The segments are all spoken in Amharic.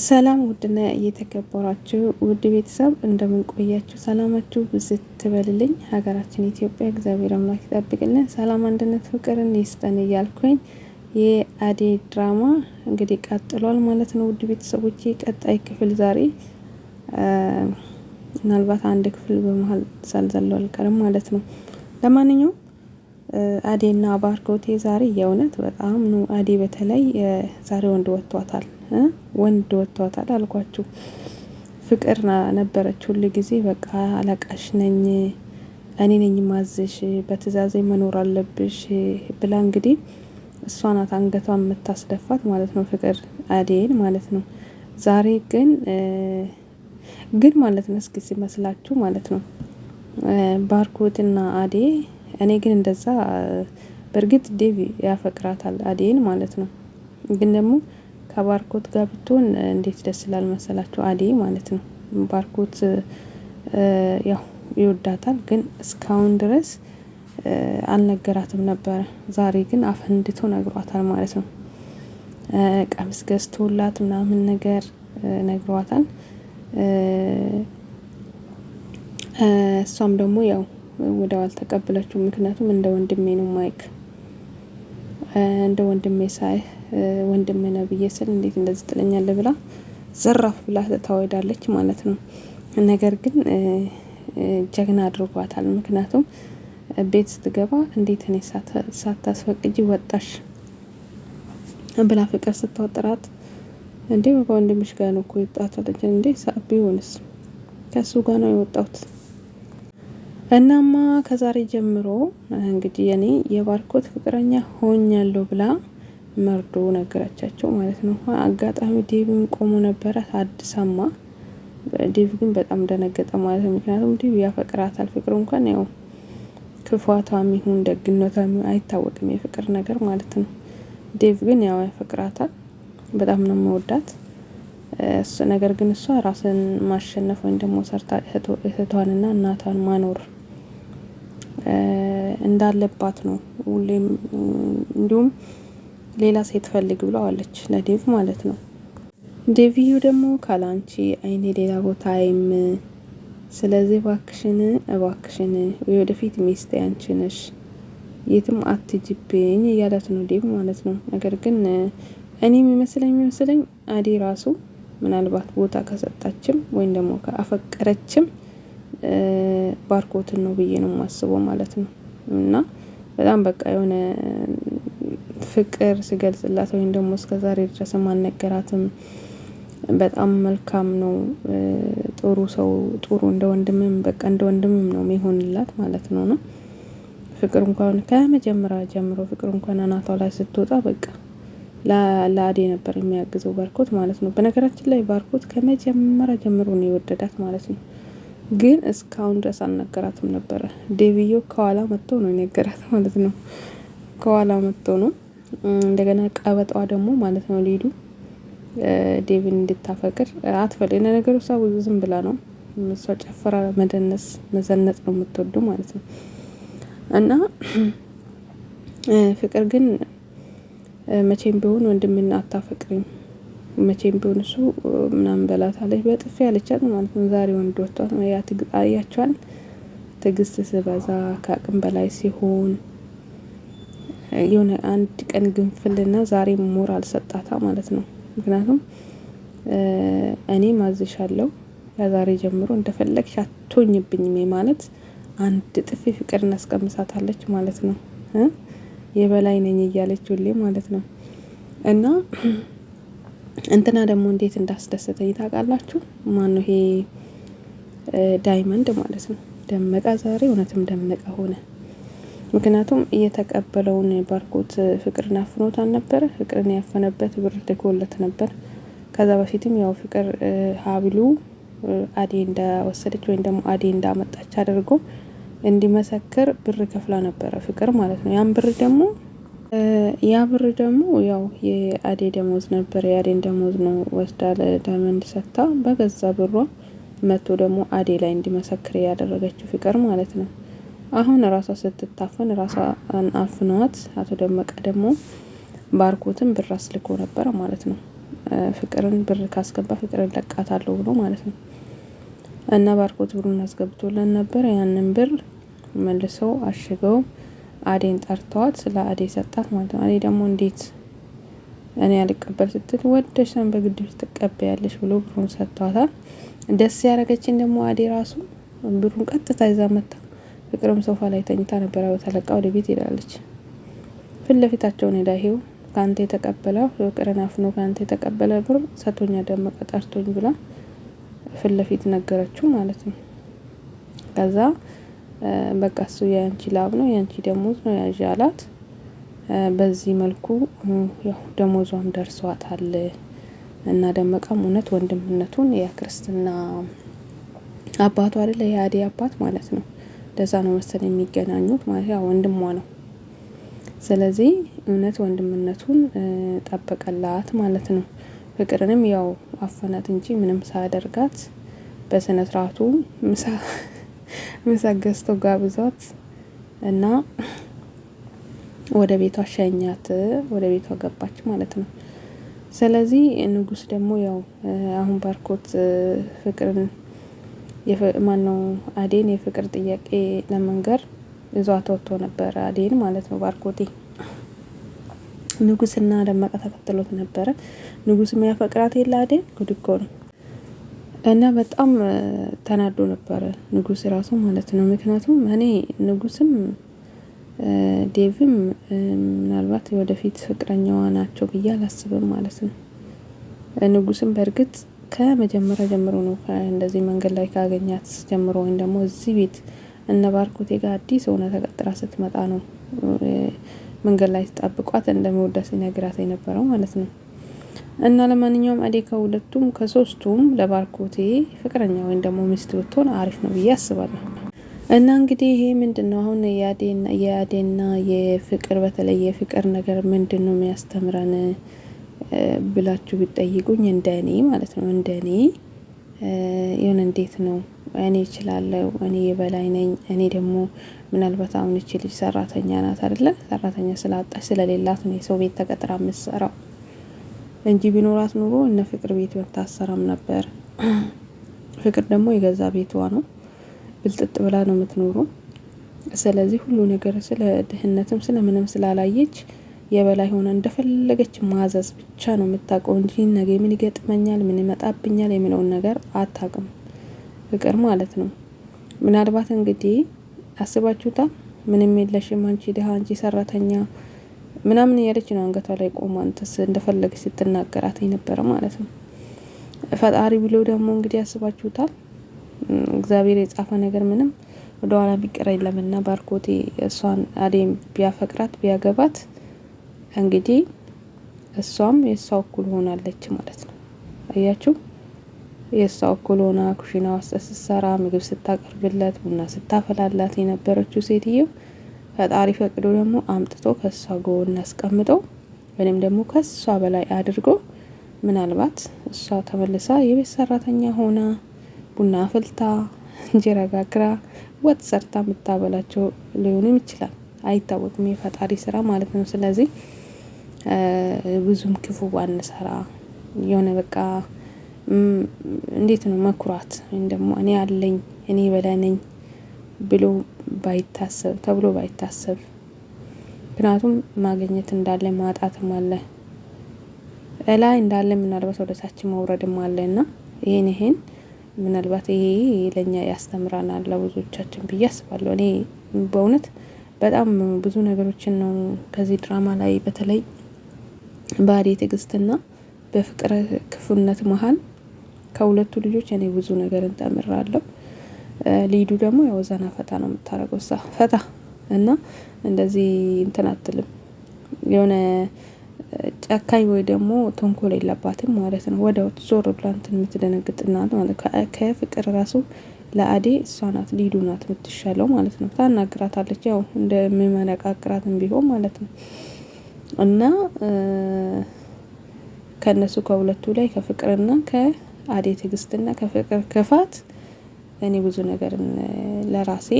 ሰላም ውድና እየተከበራችሁ ውድ ቤተሰብ እንደምን ቆያችሁ? ሰላማችሁ ብዝት ትበልልኝ። ሀገራችን ኢትዮጵያ እግዚአብሔር አምላክ ይጠብቅልን። ሰላም፣ አንድነት፣ ፍቅርን ይስጠን እያልኩኝ አዴ ድራማ እንግዲህ ቀጥሏል ማለት ነው። ውድ ቤተሰቦች ቀጣይ ክፍል ዛሬ ምናልባት አንድ ክፍል በመሀል ሳልዘለው አልቀርም ማለት ነው። ለማንኛውም አዴና ባርኮቴ ዛሬ የእውነት በጣም ነው። አዴ በተለይ ዛሬ ወንድ ወጥቷታል። ወንድ ወጥቷታል አልኳችሁ። ፍቅር ነበረች ሁል ጊዜ በቃ አለቃሽ ነኝ እኔ ነኝ ማዝሽ በትዕዛዜ መኖር አለብሽ ብላ እንግዲህ እሷ ናት አንገቷን የምታስደፋት ማለት ነው። ፍቅር አዴን ማለት ነው። ዛሬ ግን ግን ማለት ነው እስኪ ሲመስላችሁ ማለት ነው ባርኮትና አዴ እኔ ግን እንደዛ በእርግጥ ዴቪ ያፈቅራታል አዴን ማለት ነው ግን ደግሞ ከባርኮት ጋር ብትሆን እንዴት ደስ ይላል መሰላችሁ? አዴ ማለት ነው ባርኮት ያው ይወዳታል ግን እስካሁን ድረስ አልነገራትም ነበረ። ዛሬ ግን አፈንድቶ ነግሯታል ማለት ነው። ቀሚስ ገዝቶላት ምናምን ነገር ነግሯታል። እሷም ደግሞ ያው ወደው አልተቀበለችው። ምክንያቱም እንደ ወንድሜ ነው ማይክ እንደ ወንድሜ ሳይህ ወንድም ነው ብዬ ስል እንዴት እንደዚህ ጥለኛለ ብላ ዘራፍ ብላ ታወዳለች ማለት ነው። ነገር ግን ጀግና አድርጓታል። ምክንያቱም ቤት ስትገባ እንዴት እኔ ሳታስፈቅጂ ወጣሽ ብላ ፍቅር ስታወጥራት እንዴ ከወንድምሽ ጋር ነው እኮ የወጣሁት እንዴ ቢሆንስ ከእሱ ጋር ነው የወጣሁት። እናማ ከዛሬ ጀምሮ እንግዲህ እኔ የባርኮት ፍቅረኛ ሆኛለሁ ብላ መርዶ ነገረቻቸው ማለት ነው። አጋጣሚ ዴቪን ቆሞ ነበረ አዲሳማ ዴቭ ግን በጣም ደነገጠ ማለት ነው። ምክንያቱም ዴቭ ያፈቅራታል ፍቅሩ እንኳን ያው ክፏቷም ይሁን ደግነቷም አይታወቅም የፍቅር ነገር ማለት ነው። ዴቭ ግን ያው ያፈቅራታል በጣም ነው መወዳት እሱ ነገር ግን እሷ ራስን ማሸነፍ ወይም ደግሞ ሰርታ እህቷንና እናቷን ማኖር እንዳለባት ነው ሁሌም እንዲሁም ሌላ ሴት ፈልግ ብሎ አለች ለዴቭ ማለት ነው። ዴቪዩ ደግሞ ካላንቺ አይኔ ሌላ ቦታ አይም፣ ስለዚህ እባክሽን እባክሽን ወደፊት ሚስቴ አንቺ ነሽ የትም አትጅብኝ እያላት ነው ዴቭ ማለት ነው። ነገር ግን እኔ የሚመስለኝ የሚመስለኝ አዴ ራሱ ምናልባት ቦታ ከሰጣችም ወይም ደግሞ ከአፈቀረችም ባርኮትን ነው ብዬ ነው የማስበው ማለት ነው እና በጣም በቃ የሆነ ፍቅር ስገልጽላት ወይም ደግሞ እስከዛሬ ድረስ ማነገራትም በጣም መልካም ነው፣ ጥሩ ሰው፣ ጥሩ እንደ ወንድምም በቃ እንደ ወንድምም ነው የሚሆንላት ማለት ነው ነው ፍቅር እንኳን ከመጀመሪያ ጀምሮ ፍቅር እንኳን አናቷ ላይ ስትወጣ በቃ ለአዴ ነበር የሚያግዘው ባርኮት ማለት ነው። በነገራችን ላይ ባርኮት ከመጀመሪያ ጀምሮ ነው የወደዳት ማለት ነው። ግን እስካሁን ድረስ አልነገራትም ነበረ። ዴቪዮ ከኋላ መጥተው ነው የነገራት ማለት ነው። ከኋላ መጥተው ነው እንደገና ቀበጠዋ ደግሞ ማለት ነው ሊዱ ዴቪን እንድታፈቅር ነ ነገሩ እሷ ዝም ብላ ነው እሷ ጨፈራ መደነስ መዘነጥ ነው የምትወዱ ማለት ነው። እና ፍቅር ግን መቼም ቢሆን ወንድምን አታፈቅሪም መቼም ቢሆን እሱ ምናምን በላታለች በጥፊ ያለቻት ማለት ነው። ዛሬ ወንዶቿን ያችኋል ትግስት ስበዛ ከአቅም በላይ ሲሆን የሆነ አንድ ቀን ግንፍልና ዛሬ ሞራል ሰጣታ ማለት ነው። ምክንያቱም እኔ ማዝሻለሁ ከዛሬ ጀምሮ እንደፈለግሽ አትሆኝብኝም ማለት አንድ ጥፊ ፍቅር እናስቀምሳታለች ማለት ነው። የበላይ ነኝ እያለች ሁሌ ማለት ነው። እና እንትና ደግሞ እንዴት እንዳስደሰተኝ ታውቃላችሁ? ነው ይሄ ዳይመንድ ማለት ነው። ደመቀ ዛሬ እውነትም ደመቀ ሆነ። ምክንያቱም እየተቀበለውን ባርኮት ፍቅርን አፍኖት አልነበረ። ፍቅርን ያፈነበት ብር ልኮለት ነበር። ከዛ በፊትም ያው ፍቅር ሀብሉ አዴ እንዳወሰደች ወይም ደግሞ አዴ እንዳመጣች አድርጎ እንዲመሰክር ብር ከፍላ ነበረ ፍቅር ማለት ነው። ያን ብር ደግሞ ያ ብር ደግሞ ያው የአዴ ደሞዝ ነበር። የአዴን ደሞዝ ነው ወስዳ ለዳይመንድ ሰጥታ በገዛ ብሯ መቶ ደግሞ አዴ ላይ እንዲመሰክር ያደረገችው ፍቅር ማለት ነው። አሁን ራሷ ስትታፈን ራሷን አፍነዋት አቶ ደመቀ ደግሞ ባርኮትን ብር አስልኮ ነበረ ማለት ነው። ፍቅርን ብር ካስገባ ፍቅርን ለቃታለሁ ብሎ ማለት ነው። እና ባርኮት ብሩን አስገብቶለን ነበር። ያንን ብር መልሰው አሽገው አዴን ጠርተዋት ስለ አዴ ሰጣት ማለት ነው። አዴ ደግሞ እንዴት እኔ አልቀበል ስትል ወደሽን በግድ ትቀበያለሽ ብሎ ብሩን ሰጥቷታል። ደስ ያደረገችን ደግሞ አዴ ራሱ ብሩን ቀጥታ ይዛ መታ ፍቅርም ሶፋ ላይ ተኝታ ነበር። ተለቃ ወደ ቤት ሄዳለች። ፊት ለፊታቸውን ሄዳ ይሄው ከአንተ የተቀበለው ፍቅርን አፍኖ ከአንተ የተቀበለ ብር ሰቶኛ ደመቀ ጠርቶኝ ብላ ፊት ለፊት ነገረችው ማለት ነው። ከዛ በቃ እሱ የአንቺ ላብ ነው የአንቺ ደሞዝ ነው ያዥ አላት። በዚህ መልኩ ያው ደሞዟም ደርሷታል እና ደመቀም እውነት ወንድምነቱን የክርስትና አባቱ አይደለ የአዴ አባት ማለት ነው ለዛ ነው መሰል የሚገናኙት ማለት ያው ወንድሟ ነው። ስለዚህ እውነት ወንድምነቱን ጠበቀላት ማለት ነው። ፍቅርንም ያው አፈናት እንጂ ምንም ሳያደርጋት በስነ ስርዓቱ ምሳ ምሳ ገዝቶ ጋብዟት እና ወደ ቤቷ ሸኛት፣ ወደ ቤቷ ገባች ማለት ነው። ስለዚህ ንጉስ ደግሞ ያው አሁን ባርኮት ፍቅርን ማነው አዴን የፍቅር ጥያቄ ለመንገር እዛ ወጥቶ ነበረ። አዴን ማለት ነው ባርኮቴ። ንጉስና ደመቀ ተከትሎት ነበረ። ንጉስ የሚያፈቅራት የለ አዴን ጉድኮ ነው። እና በጣም ተናዶ ነበረ ንጉስ ራሱ ማለት ነው። ምክንያቱም እኔ ንጉስም ዴቭም ምናልባት ወደፊት ፍቅረኛዋ ናቸው ብዬ አላስብም ማለት ነው። ንጉስም በእርግጥ ከመጀመሪያ ጀምሮ ነው እንደዚህ መንገድ ላይ ካገኛት ጀምሮ ወይም ደግሞ እዚህ ቤት እነ ባርኮቴ ጋር አዲስ ሆነ ተቀጥራ ስትመጣ ነው መንገድ ላይ ስጠብቋት እንደመወዳት ሲነግራት የነበረው ማለት ነው። እና ለማንኛውም አዴ ከሁለቱም ከሶስቱም ለባርኮቴ ፍቅረኛ ወይም ደግሞ ሚስት ብትሆን አሪፍ ነው ብዬ አስባለሁ። እና እንግዲህ ይሄ ምንድን ነው አሁን የአዴና የፍቅር በተለይ የፍቅር ነገር ምንድን ነው የሚያስተምረን? ብላችሁ ቢጠይቁኝ እንደ እኔ ማለት ነው እንደ እኔ ይሁን እንዴት ነው እኔ እችላለሁ፣ እኔ የበላይ ነኝ። እኔ ደግሞ ምናልባት አሁን እች ልጅ ሰራተኛ ናት አይደለ? ሰራተኛ ስላጣች ስለሌላት ነው የሰው ቤት ተቀጥራ የምትሰራው እንጂ ቢኖራት ኑሮ እነ ፍቅር ቤት በታሰራም ነበር። ፍቅር ደግሞ የገዛ ቤቷ ነው፣ ብልጥጥ ብላ ነው የምትኖረው። ስለዚህ ሁሉ ነገር ስለ ድህነትም ስለምንም ስላላየች የበላይ ሆነ እንደፈለገች ማዘዝ ብቻ ነው የምታውቀው እንጂ ነገ ምን ይገጥመኛል፣ ምን ይመጣብኛል የሚለውን ነገር አታውቅም። ፍቅር ማለት ነው። ምናልባት እንግዲህ አስባችሁታ ምንም የለሽም አንቺ ድሃ፣ አንቺ ሰራተኛ ምናምን እያለች ነው አንገቷ ላይ ቆማ እንትስ እንደፈለገች ስትናገራት ነበረ ማለት ነው። ፈጣሪ ብሎ ደግሞ እንግዲህ አስባችሁታል እግዚአብሔር የጻፈ ነገር ምንም ወደኋላ ቢቀር የለምና ባርኮቴ እሷን አዴም ቢያፈቅራት ቢያገባት እንግዲህ እሷም የእሷ እኩል ሆናለች ማለት ነው። አያችሁ፣ የእሷ እኩል ሆና ኩሽና ውስጥ ስትሰራ፣ ምግብ ስታቀርብለት፣ ቡና ስታፈላላት የነበረችው ሴትዮ ፈጣሪ ፈቅዶ ደግሞ አምጥቶ ከእሷ ጎን አስቀምጦ ወይም ደግሞ ከእሷ በላይ አድርጎ ምናልባት እሷ ተመልሳ የቤት ሰራተኛ ሆና ቡና አፍልታ እንጀራ ጋግራ ወጥ ሰርታ የምታበላቸው ሊሆንም ይችላል። አይታወቅም። የፈጣሪ ስራ ማለት ነው። ስለዚህ ብዙም ክፉ ባንሰራ የሆነ በቃ እንዴት ነው መኩራት ወይም ደግሞ እኔ አለኝ እኔ የበላይ ነኝ ብሎ ባይታሰብ ተብሎ ባይታሰብ ምክንያቱም ማግኘት እንዳለ ማጣትም አለ እላይ እንዳለ ምናልባት ወደ መውረድም አለ እና ይሄን ይሄን ምናልባት ይሄ ለእኛ ያስተምራናል ለብዙዎቻችን ብዬ አስባለሁ። እኔ በእውነት በጣም ብዙ ነገሮችን ነው ከዚህ ድራማ ላይ በተለይ ባህሪ ትዕግስትና በፍቅረ ክፉነት መሀል ከሁለቱ ልጆች እኔ ብዙ ነገርን ተምራለሁ። ሊዱ ደግሞ ያው ዘና ፈታ ነው የምታደርገው እሷ ፈታ እና እንደዚህ እንትን አትልም የሆነ ጨካኝ ወይ ደግሞ ተንኮል የለባትም ማለት ነው። ወደ ዞር ብላ እንትን የምትደነግጥ ማለት ከፍቅር ራሱ ለአዴ እሷ ናት ሊዱ ናት የምትሻለው ማለት ነው። ታናግራታለች ያው እንደምመነቃቅራትም ቢሆን ማለት ነው እና ከነሱ ከሁለቱ ላይ ከፍቅርና ከአዴ ትዕግስትና ከፍቅር ክፋት እኔ ብዙ ነገር ለራሴ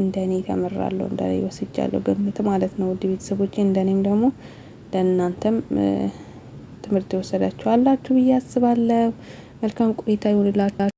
እንደኔ ተምራለሁ እንደኔ ወስጃለሁ ግምት ማለት ነው። ውድ ቤተሰቦች እንደኔም ደግሞ ለእናንተም ትምህርት የወሰዳችሁ አላችሁ ብዬ አስባለሁ። መልካም ቆይታ ይሁንላችሁ።